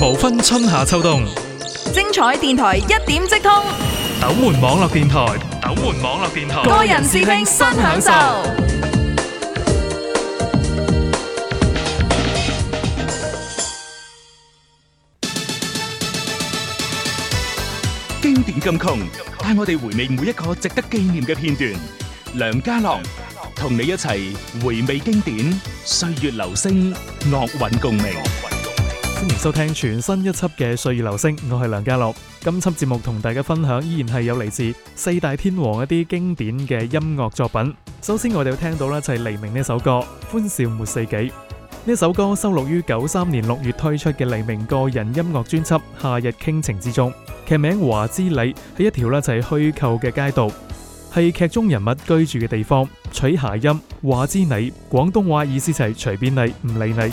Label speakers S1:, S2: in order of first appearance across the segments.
S1: 無分春夏秋冬，
S2: 精彩電台一點即通。
S1: 斗門網絡電台，斗門網絡電台，個人
S2: 視聽新享
S1: 受。
S3: 經典金曲，帶我哋回味每一個值得紀念嘅片段。梁家朗同你一齊回味經典，歲月留聲，樂韻
S1: 共鳴。歡迎收聽全新一輯嘅《歲月留聲》，我係梁家樂。今輯節目同大家分享，依然係有嚟自四大天王一啲經典嘅音樂作品。首先我哋要聽到呢就係黎明呢首歌《歡笑沒四季》，呢首歌收錄於九三年六月推出嘅黎明個人音樂專輯《夏日傾情》之中。劇名華之里係一條呢就係虛構嘅街道，係劇中人物居住嘅地方。取諧音華之你，廣東話意思就係隨便你，唔理你。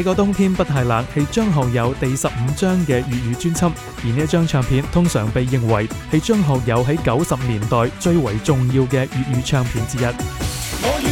S1: 這個冬天不太冷係張學友第十五張嘅粵語專輯，而呢一張唱片通常被認為係張學友喺九十年代最為重要嘅粵語唱片之一。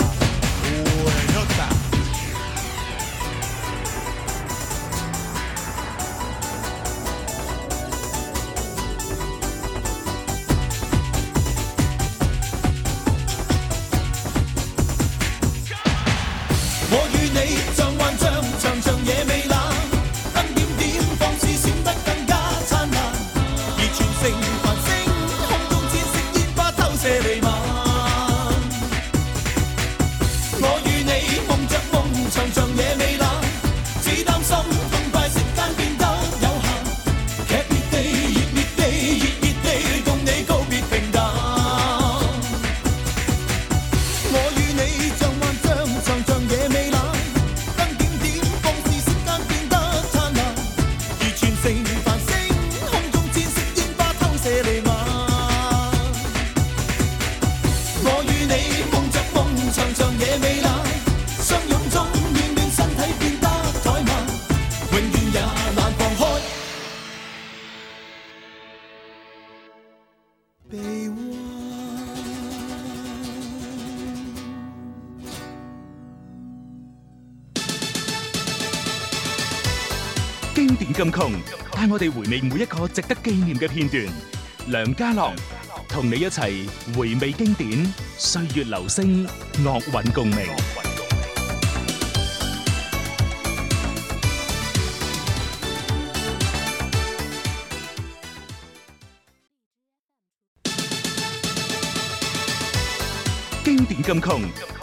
S3: 金曲，帶我哋回味每一個值得紀念嘅片段。梁家樂，同你一齊回味經典，歲月留聲，樂韻共鳴。經典金曲，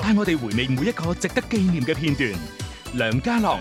S3: 帶我哋回味每一個值得紀念嘅片段。梁家樂。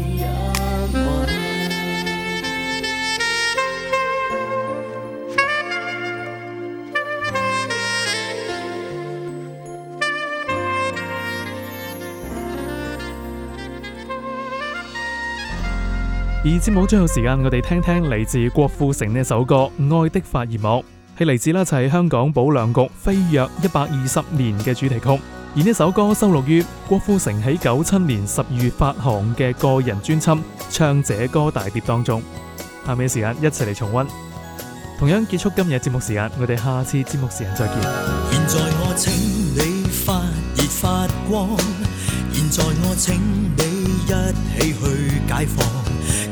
S1: 而節目最後時間，我哋聽聽嚟自郭富城呢首歌《愛的發熱網》，係嚟自一齊香港保良局飛躍一百二十年嘅主題曲。而呢首歌收錄於郭富城喺九七年十二月發行嘅個人專輯《唱這歌大碟》當中。下面時間一齊嚟重溫。同樣結束今日節目時間，我哋下次節目時間再見。
S2: 現在我請你發熱發光，現在我請你一起去解放。